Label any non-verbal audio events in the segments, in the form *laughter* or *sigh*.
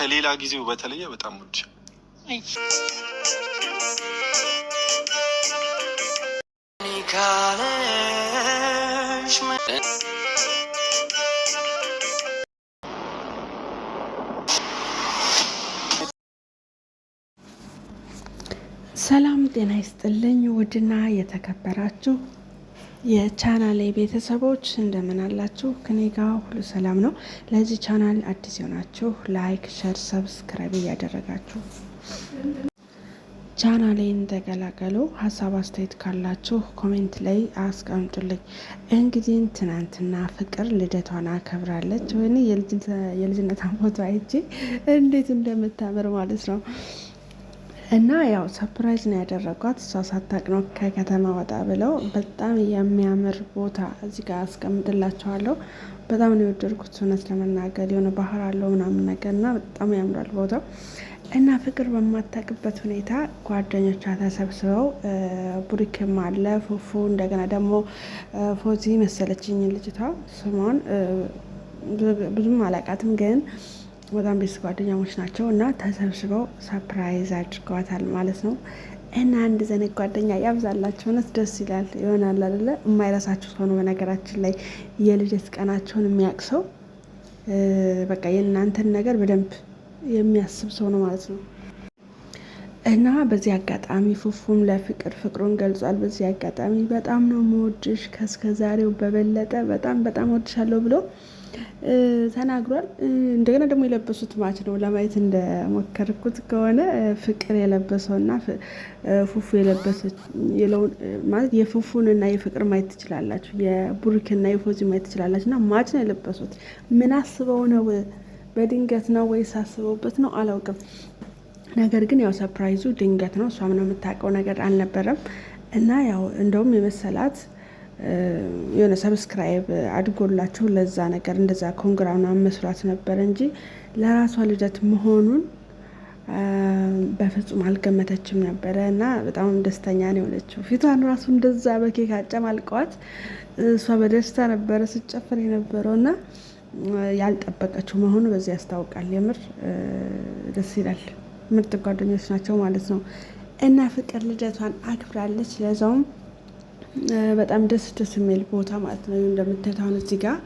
ከሌላ ጊዜው በተለየ በጣም ውድ ሰላም ጤና ይስጥልኝ። ውድና የተከበራችሁ የቻናሌ ቤተሰቦች እንደምን አላችሁ? ከኔ ሁሉ ሰላም ነው። ለዚህ ቻናል አዲስ የሆናችሁ ላይክ፣ ሸር፣ ሰብስክራይብ እያደረጋችሁ ቻናሌን ተቀላቀሉ። ሀሳብ አስተያየት ካላችሁ ኮሜንት ላይ አስቀምጡልኝ። እንግዲህ ትናንትና ፍቅር ልደቷን አከብራለች ወይ የልጅነቷን ፎቶ አይቼ እንዴት እንደምታምር ማለት ነው እና ያው ሰፕራይዝ ነው ያደረጓት። እሷ ሳታቅ ነው ከከተማ ወጣ ብለው በጣም የሚያምር ቦታ እዚህ ጋር አስቀምጥላቸዋለሁ። በጣም ነው የወደድኩት እውነት ለመናገር የሆነ ባህር አለው ምናምን ነገር እና በጣም ያምራል ቦታው እና ፍቅር በማታቅበት ሁኔታ ጓደኞቿ ተሰብስበው ቡሪክም አለ ፉፉ፣ እንደገና ደግሞ ፎዚ መሰለችኝ ልጅቷ ስሟን ብዙም አላቃትም ግን በጣም ቤስ ጓደኛሞች ናቸው እና ተሰብስበው ሰፕራይዝ አድርገዋታል ማለት ነው። እና አንድ ዘነግ ጓደኛ ያብዛላቸው። እውነት ደስ ይላል ይሆናል አለ የማይረሳቸው ሰው ነው። በነገራችን ላይ የልደት ቀናቸውን የሚያውቅ ሰው በቃ የእናንተን ነገር በደንብ የሚያስብ ሰው ነው ማለት ነው። እና በዚህ አጋጣሚ ፉፉም ለፍቅር ፍቅሩን ገልጿል። በዚህ አጋጣሚ በጣም ነው መወድሽ ከስከዛሬው በበለጠ በጣም በጣም ወድሻለሁ ብሎ ተናግሯል። እንደገና ደግሞ የለበሱት ማች ነው። ለማየት እንደሞከርኩት ከሆነ ፍቅር የለበሰውና ፉፉ ማለት የፉፉንና የፍቅር ማየት ትችላላችሁ። የቡርክና የፎዚ ማየት ትችላላችሁ። እና ማች ነው የለበሱት። ምን አስበው ነው? በድንገት ነው ወይስ አስበውበት ነው? አላውቅም። ነገር ግን ያው ሰፕራይዙ ድንገት ነው። እሷም ነው የምታውቀው ነገር አልነበረም። እና ያው እንደውም የመሰላት የሆነ ሰብስክራይብ አድጎላቸው ለዛ ነገር እንደዛ ኮንግራና መስሏት ነበር እንጂ ለራሷ ልደት መሆኑን በፍጹም አልገመተችም ነበረ እና በጣም ደስተኛ ነው የሆነችው። ፊቷን ራሱ እንደዛ በኬክ አጨማልቀዋት እሷ በደስታ ነበረ ስጨፍር የነበረው እና ያልጠበቀችው መሆኑ በዚህ ያስታውቃል። የምር ደስ ይላል። ምርጥ ጓደኞች ናቸው ማለት ነው እና ፍቅር ልደቷን አክብራለች ለዛውም በጣም ደስ ደስ የሚል ቦታ ማለት ነው። እንደምታዩት አሁን እዚህ ጋር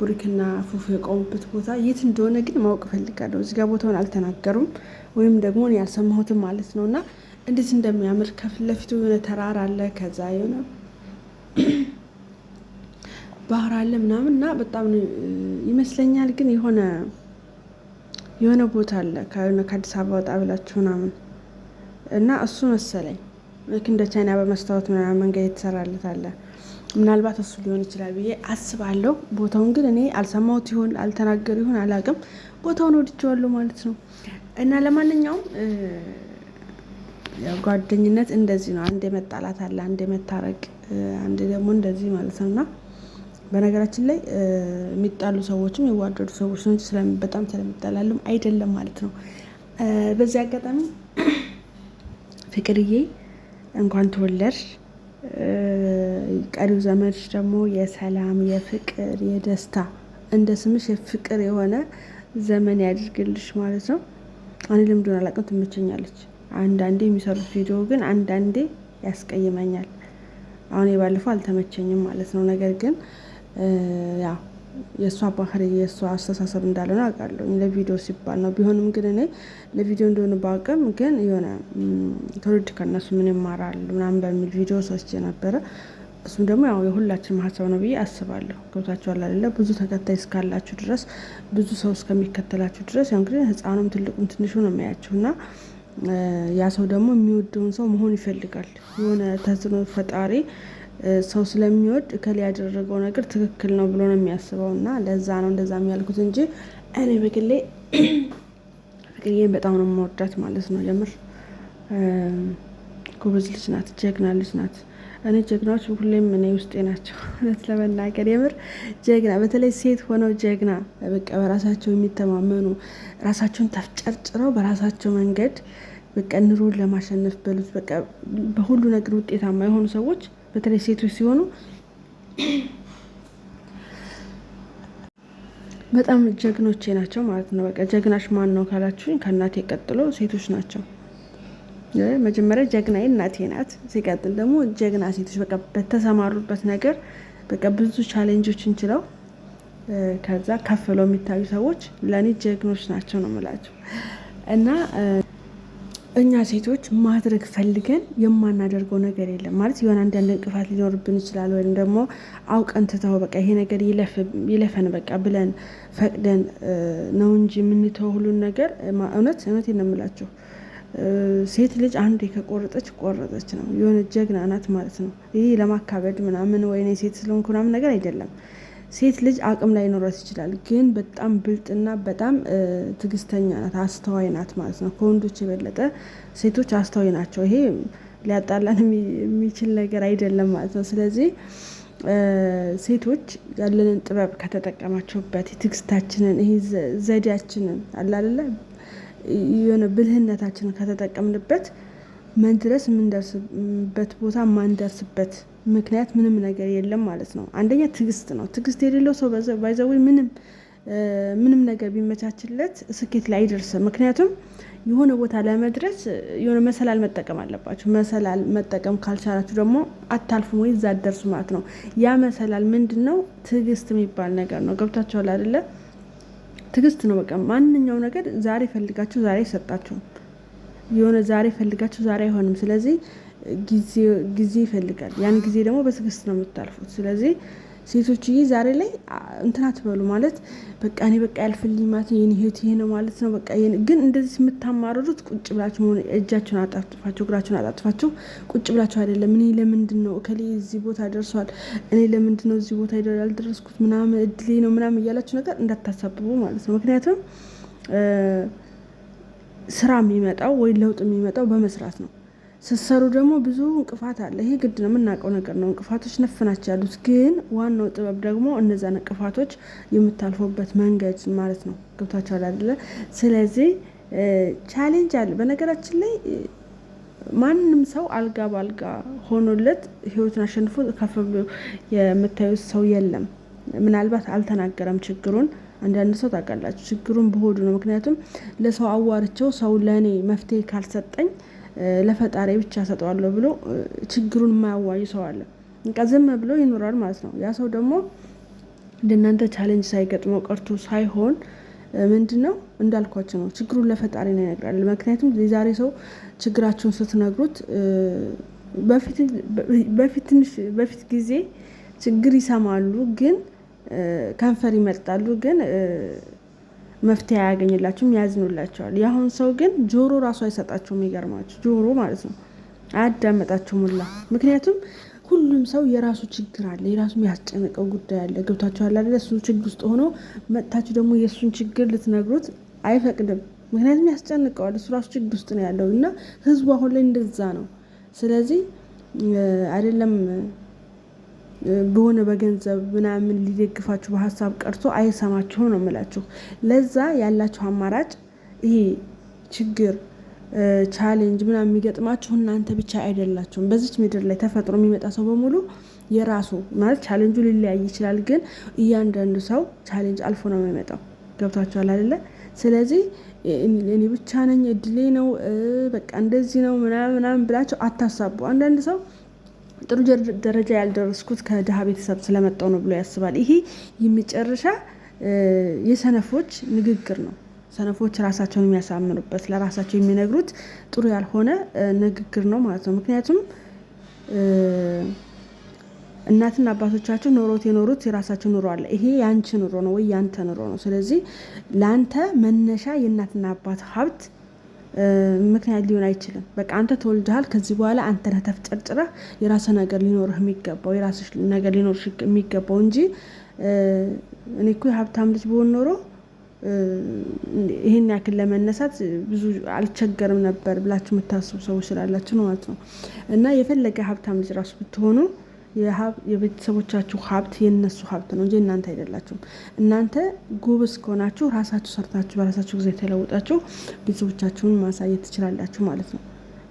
ቡሪክና ፉፉ የቆሙበት ቦታ የት እንደሆነ ግን ማወቅ እፈልጋለሁ። እዚህ ጋር ቦታውን አልተናገሩም ወይም ደግሞ ያልሰማሁትም ማለት ነው። እና እንዴት እንደሚያምር ከፊት ለፊቱ የሆነ ተራራ አለ፣ ከዛ የሆነ ባህር አለ ምናምን እና በጣም ይመስለኛል ግን የሆነ የሆነ ቦታ አለ ከአዲስ አበባ ወጣ ብላችሁ ምናምን እና እሱ መሰለኝ ልክ እንደ ቻይና በመስታወት ምናምን መንገድ የተሰራለት አለ። ምናልባት እሱ ሊሆን ይችላል ብዬ አስባለሁ። ቦታውን ግን እኔ አልሰማሁት ይሆን አልተናገሩ ይሆን አላቅም። ቦታውን ወድጀዋለሁ ማለት ነው። እና ለማንኛውም ጓደኝነት እንደዚህ ነው። አንድ የመጣላት አለ፣ አንድ የመታረቅ፣ አንድ ደግሞ እንደዚህ ማለት ነው። እና በነገራችን ላይ የሚጣሉ ሰዎችም የዋደዱ ሰዎች ነው በጣም ስለሚጠላሉም አይደለም ማለት ነው። በዚህ አጋጣሚ *clears throat* ፍቅርዬ እንኳን ተወለድሽ። ቀሪው ዘመንሽ ደግሞ የሰላም የፍቅር የደስታ እንደ ስምሽ የፍቅር የሆነ ዘመን ያድርግልሽ ማለት ነው። እኔ ልምዱን አላውቅም፣ ትመቸኛለች። አንዳንዴ የሚሰሩት ቪዲዮ ግን አንዳንዴ ያስቀይመኛል። አሁን የባለፈው አልተመቸኝም ማለት ነው። ነገር ግን ያው የእሷ ባህሪ የእሷ አስተሳሰብ እንዳለ ነው አውቃለሁ። ለቪዲዮ ሲባል ነው። ቢሆንም ግን እኔ ለቪዲዮ እንደሆነ በአቅም ግን የሆነ ትውልድ ከእነሱ ምን ይማራል ምናምን በሚል ቪዲዮ ሰርቼ ነበረ። እሱም ደግሞ ያው የሁላችንም ሀሳብ ነው ብዬ አስባለሁ። ገብታችኋል አይደለ? ብዙ ተከታይ እስካላችሁ ድረስ ብዙ ሰው እስከሚከተላችሁ ድረስ ያው እንግዲህ ህፃኑም ትልቁም ትንሹ ነው የሚያችሁ እና ያ ሰው ደግሞ የሚወደውን ሰው መሆን ይፈልጋል የሆነ ተጽዕኖ ፈጣሪ ሰው ስለሚወድ እከሌ ያደረገው ነገር ትክክል ነው ብሎ ነው የሚያስበው እና ለዛ ነው እንደዛ የሚያልኩት እንጂ እኔ በግሌ *clears throat* ፍቅርዬን በጣም ነው የምወዳት ማለት ነው። ጀምር ጎበዝ ልጅ ናት፣ ጀግና ልጅ ናት። እኔ ጀግናዎች ሁሌም እኔ ውስጤ ናቸው። *laughs* እውነት ለመናገር የምር ጀግና፣ በተለይ ሴት ሆነው ጀግና፣ በቃ በራሳቸው የሚተማመኑ ራሳቸውን ተፍጨርጭረው በራሳቸው መንገድ በቃ ኑሮን ለማሸነፍ በሉት በቃ በሁሉ ነገር ውጤታማ የሆኑ ሰዎች በተለይ ሴቶች ሲሆኑ በጣም ጀግኖቼ ናቸው ማለት ነው። በቃ ጀግናሽ ማን ነው ካላችሁኝ ከእናቴ ቀጥሎ ሴቶች ናቸው። መጀመሪያ ጀግናዬ እናቴ ናት። ሲቀጥል ደግሞ ጀግና ሴቶች በቃ በተሰማሩበት ነገር በቃ ብዙ ቻሌንጆች እንችለው ከዛ ከፍለው የሚታዩ ሰዎች ለእኔ ጀግኖች ናቸው ነው የምላቸው እና እኛ ሴቶች ማድረግ ፈልገን የማናደርገው ነገር የለም ማለት የሆነ አንዳንድ እንቅፋት ሊኖርብን ይችላል። ወይም ደግሞ አውቀን ትተው በቃ ይሄ ነገር ይለፈን በቃ ብለን ፈቅደን ነው እንጂ የምንተው ሁሉን ነገር። እውነት እውነት ነው ሴት ልጅ አንዴ ከቆረጠች ቆረጠች ነው። የሆነ ጀግና ናት ማለት ነው። ይህ ለማካበድ ምናምን ወይ ሴት ስለሆንኩ ምናምን ነገር አይደለም። ሴት ልጅ አቅም ላይ ኖረት ይችላል፣ ግን በጣም ብልጥና በጣም ትግስተኛ ናት፣ አስተዋይ ናት ማለት ነው። ከወንዶች የበለጠ ሴቶች አስተዋይ ናቸው። ይሄ ሊያጣላን የሚችል ነገር አይደለም ማለት ነው። ስለዚህ ሴቶች ያለንን ጥበብ ከተጠቀማቸውበት ትግስታችንን፣ ይሄ ዘዴያችንን አላለ የሆነ ብልህነታችንን ከተጠቀምንበት መድረስ የምንደርስበት ቦታ ማንደርስበት ምክንያት ምንም ነገር የለም ማለት ነው። አንደኛ ትዕግስት ነው። ትዕግስት የሌለው ሰው ባይዘዊ ምንም ምንም ነገር ቢመቻችለት ስኬት ላይ አይደርስም። ምክንያቱም የሆነ ቦታ ለመድረስ የሆነ መሰላል መጠቀም አለባቸው። መሰላል መጠቀም ካልቻላችሁ ደግሞ አታልፉም ወይ እዛ ማለት ነው። ያ መሰላል ምንድን ነው? ትዕግስት የሚባል ነገር ነው። ገብታችኋል አይደለ? ትዕግስት ነው። በቃ ማንኛው ነገር ዛሬ ፈልጋችሁ ዛሬ ይሰጣችሁ የሆነ ዛሬ ፈልጋችሁ ዛሬ አይሆንም። ስለዚህ ጊዜ ይፈልጋል። ያን ጊዜ ደግሞ በትዕግስት ነው የምታልፉት። ስለዚህ ሴቶች ይህ ዛሬ ላይ እንትን አትበሉ ማለት በቃ እኔ በቃ ያልፍልኝ ማለት ነው የኔ ህይወት ይሄ ነው ማለት ነው። በቃ ግን እንደዚህ የምታማረሩት ቁጭ ብላችሁ መሆን እጃችሁን አጣጥፋችሁ እግራችሁን አጣጥፋችሁ ቁጭ ብላችሁ አይደለም። እኔ ለምንድን ነው እከሌ እዚህ ቦታ ደርሷል፣ እኔ ለምንድን ነው እዚህ ቦታ ያልደረስኩት፣ ምናምን እድሌ ነው ምናምን እያላችሁ ነገር እንዳታሳብቡ ማለት ነው። ምክንያቱም ስራ የሚመጣው ወይ ለውጥ የሚመጣው በመስራት ነው። ስትሰሩ ደግሞ ብዙ እንቅፋት አለ። ይሄ ግድ ነው፣ የምናውቀው ነገር ነው። እንቅፋቶች ነፍናቸው ያሉት፣ ግን ዋናው ጥበብ ደግሞ እነዛ እንቅፋቶች የምታልፉበት መንገድ ማለት ነው። ገብታቸው አይደለ? ስለዚህ ቻሌንጅ አለ። በነገራችን ላይ ማንም ሰው አልጋ ባልጋ ሆኖለት ህይወትን አሸንፎ ከፍ ብሎ የምታዩት ሰው የለም። ምናልባት አልተናገረም ችግሩን አንዳንድ ሰው ታውቃላችሁ ችግሩን በሆዱ ነው። ምክንያቱም ለሰው አዋርቸው ሰው ለእኔ መፍትሄ ካልሰጠኝ ለፈጣሪ ብቻ ሰጠዋለሁ ብሎ ችግሩን የማያዋይ ሰው አለ። ዝም ብሎ ይኖራል ማለት ነው። ያ ሰው ደግሞ እንደናንተ ቻሌንጅ ሳይገጥመው ቀርቶ ሳይሆን ምንድን ነው እንዳልኳቸው ነው፣ ችግሩን ለፈጣሪ ነው ይነግራል። ምክንያቱም የዛሬ ሰው ችግራችሁን ስትነግሩት በፊት ጊዜ ችግር ይሰማሉ ግን ከንፈር ይመርጣሉ፣ ግን መፍትሄ አያገኝላቸውም፣ ያዝኑላቸዋል። የአሁን ሰው ግን ጆሮ ራሱ አይሰጣቸውም። የሚገርማችሁ ጆሮ ማለት ነው አያዳመጣቸው ሁላ። ምክንያቱም ሁሉም ሰው የራሱ ችግር አለ፣ የራሱ የሚያስጨንቀው ጉዳይ አለ። ገብታችኋል አይደል? እሱ ችግር ውስጥ ሆኖ መጥታችሁ ደግሞ የእሱን ችግር ልትነግሩት አይፈቅድም። ምክንያቱም ያስጨንቀዋል፣ እሱ ራሱ ችግር ውስጥ ነው ያለው እና ህዝቡ አሁን ላይ እንደዛ ነው። ስለዚህ አይደለም በሆነ በገንዘብ ምናምን ሊደግፋችሁ በሀሳብ ቀርቶ አይሰማችሁም ነው የምላችሁ። ለዛ ያላችሁ አማራጭ ይሄ ችግር ቻሌንጅ ምናምን የሚገጥማችሁ እናንተ ብቻ አይደላችሁም። በዚች ምድር ላይ ተፈጥሮ የሚመጣ ሰው በሙሉ የራሱ ማለት ቻሌንጁ ሊለያይ ይችላል፣ ግን እያንዳንዱ ሰው ቻሌንጅ አልፎ ነው የሚመጣው። ገብቷችኋል አይደለ? ስለዚህ እኔ ብቻ ነኝ እድሌ ነው በቃ እንደዚህ ነው ምናምን ምናምን ብላችሁ አታሳቡ። አንዳንድ ሰው ጥሩ ደረጃ ያልደረስኩት ከድሃ ቤተሰብ ስለመጣው ነው ብሎ ያስባል። ይሄ የመጨረሻ የሰነፎች ንግግር ነው። ሰነፎች ራሳቸውን የሚያሳምኑበት ለራሳቸው የሚነግሩት ጥሩ ያልሆነ ንግግር ነው ማለት ነው። ምክንያቱም እናትና አባቶቻቸው ኖሮት የኖሩት የራሳቸው ኑሮ አለ። ይሄ የአንቺ ኑሮ ነው ወይ ያንተ ኑሮ ነው። ስለዚህ ለአንተ መነሻ የእናትና አባት ሀብት ምክንያት ሊሆን አይችልም። በቃ አንተ ተወልደሃል። ከዚህ በኋላ አንተ ነህ ተፍጨርጭረህ የራስህ ነገር ሊኖርህ የሚገባው የራስህ ነገር ሊኖርህ የሚገባው እንጂ እኔ እኮ የሀብታም ልጅ በሆን ኖሮ ይህን ያክል ለመነሳት ብዙ አልቸገርም ነበር ብላችሁ የምታስቡ ሰዎች ስላላችሁ ነው ማለት ነው። እና የፈለገ ሀብታም ልጅ ራሱ ብትሆኑ የቤተሰቦቻችሁ ሀብት የነሱ ሀብት ነው እንጂ እናንተ አይደላችሁም። እናንተ ጉብስ ከሆናችሁ ራሳችሁ ሰርታችሁ በራሳችሁ ጊዜ ተለውጣችሁ ቤተሰቦቻችሁን ማሳየት ትችላላችሁ ማለት ነው።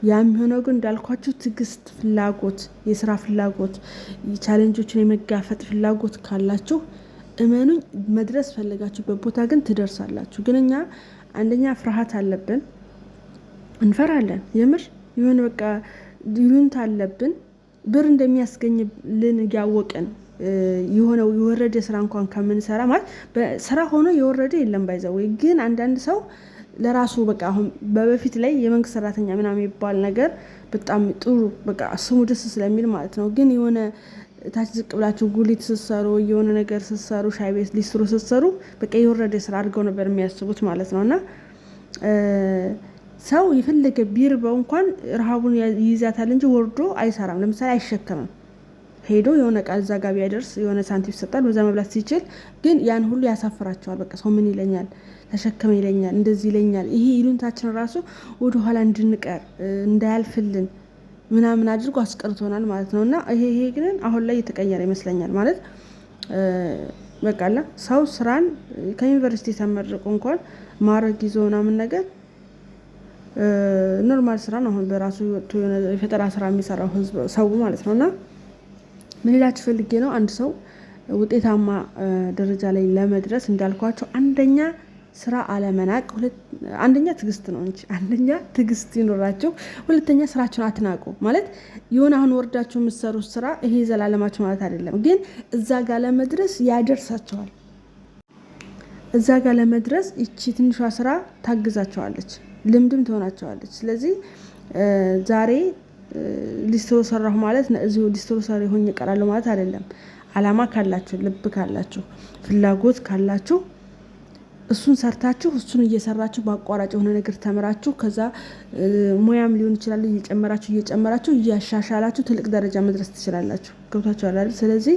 ያ የሚሆነው ግን እንዳልኳችሁ ትዕግስት፣ ፍላጎት፣ የስራ ፍላጎት፣ ቻሌንጆችን የመጋፈጥ ፍላጎት ካላችሁ እመኑኝ መድረስ ፈለጋችሁበት ቦታ ግን ትደርሳላችሁ። ግን እኛ አንደኛ ፍርሃት አለብን፣ እንፈራለን። የምር የሆነ በቃ ይሉንታ አለብን ብር እንደሚያስገኝልን እያወቅን የሆነው የወረደ ስራ እንኳን ከምንሰራ ማለት ስራ ሆኖ የወረደ የለም። ወይ ግን አንዳንድ ሰው ለራሱ በቃ አሁን በበፊት ላይ የመንግስት ሰራተኛ ምናምን የሚባል ነገር በጣም ጥሩ በቃ ስሙ ደስ ስለሚል ማለት ነው። ግን የሆነ ታች ዝቅ ብላችሁ ጉሊት ስሰሩ የሆነ ነገር ስትሰሩ ሻይ ቤት ሊስትሮ ስትሰሩ በቃ የወረደ ስራ አድርገው ነበር የሚያስቡት ማለት ነው እና ሰው የፈለገ ቢርበው እንኳን ረሃቡን ይይዛታል እንጂ ወርዶ አይሰራም። ለምሳሌ አይሸከምም። ሄዶ የሆነ ቃል እዛ ጋቢ ያደርስ የሆነ ሳንቲም ይሰጣል፣ በዛ መብላት ሲችል ግን ያን ሁሉ ያሳፍራቸዋል። በቃ ሰው ምን ይለኛል፣ ተሸከመ ይለኛል፣ እንደዚህ ይለኛል። ይሄ ይሉንታችን ራሱ ወደኋላ እንድንቀር እንዳያልፍልን ምናምን አድርጎ አስቀርቶናል ማለት ነው። እና ይሄ ይሄ ግን አሁን ላይ የተቀየረ ይመስለኛል ማለት በቃላ ሰው ስራን ከዩኒቨርሲቲ ተመርቆ እንኳን ማዕረግ ይዞ ምናምን ነገር ኖርማል ስራ ነው። አሁን በራሱ የፈጠራ ስራ የሚሰራው ሰው ማለት ነው። እና ምን ፈልጌ ነው፣ አንድ ሰው ውጤታማ ደረጃ ላይ ለመድረስ እንዳልኳቸው አንደኛ ስራ አለመናቅ፣ አንደኛ ትግስት ነው እንጂ አንደኛ ትግስት ይኖራቸው፣ ሁለተኛ ስራችሁን አትናቁ። ማለት የሆነ አሁን ወርዳችሁ የምትሰሩት ስራ ይሄ ዘላለማችሁ ማለት አይደለም፣ ግን እዛ ጋር ለመድረስ ያደርሳቸዋል። እዛ ጋር ለመድረስ ይቺ ትንሿ ስራ ታግዛቸዋለች። ልምድም ትሆናቸዋለች። ስለዚህ ዛሬ ሊስትሮ ሰራሁ ማለት እዚሁ ሊስትሮ ሰሪ ሆኜ እቀራለሁ ማለት አይደለም። አላማ ካላችሁ፣ ልብ ካላችሁ፣ ፍላጎት ካላችሁ እሱን ሰርታችሁ እሱን እየሰራችሁ በአቋራጭ የሆነ ነገር ተምራችሁ ከዛ ሙያም ሊሆን ይችላል እየጨመራችሁ እየጨመራችሁ እያሻሻላችሁ ትልቅ ደረጃ መድረስ ትችላላችሁ። ገብቷችኋል አይደል? ስለዚህ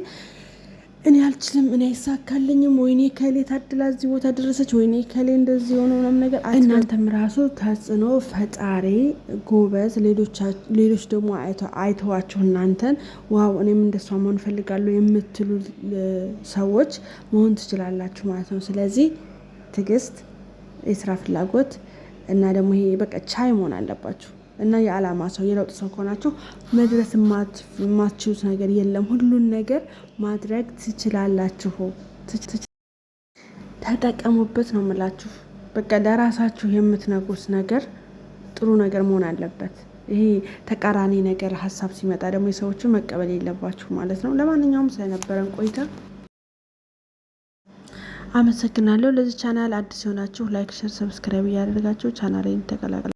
እኔ አልችልም፣ እኔ አይሳካልኝም፣ ወይኔ ከሌ ታድላ እዚህ ቦታ ደረሰች፣ ወይኔ ከሌ እንደዚህ የሆነ ምናምን ነገር። እናንተም ራሱ ተጽዕኖ ፈጣሪ ጎበዝ፣ ሌሎች ደግሞ አይተዋቸው እናንተን ዋው፣ እኔም እንደሷ መሆን እፈልጋለሁ የምትሉ ሰዎች መሆን ትችላላችሁ ማለት ነው። ስለዚህ ትዕግስት፣ የስራ ፍላጎት እና ደግሞ ይሄ በቃ ቻይ መሆን አለባችሁ። እና የዓላማ ሰው የለውጥ ሰው ከሆናችሁ መድረስ የማትችሉት ነገር የለም። ሁሉን ነገር ማድረግ ትችላላችሁ። ተጠቀሙበት ነው የምላችሁ። በቃ ለራሳችሁ የምትነጉስ ነገር ጥሩ ነገር መሆን አለበት። ይሄ ተቃራኒ ነገር ሀሳብ ሲመጣ ደግሞ የሰዎችን መቀበል የለባችሁ ማለት ነው። ለማንኛውም ስለነበረን ቆይታ አመሰግናለሁ። ለዚህ ቻናል አዲስ የሆናችሁ ላይክ፣ ሸር፣ ሰብስክራይብ እያደረጋችሁ ቻናሌን ተቀላቀሉ።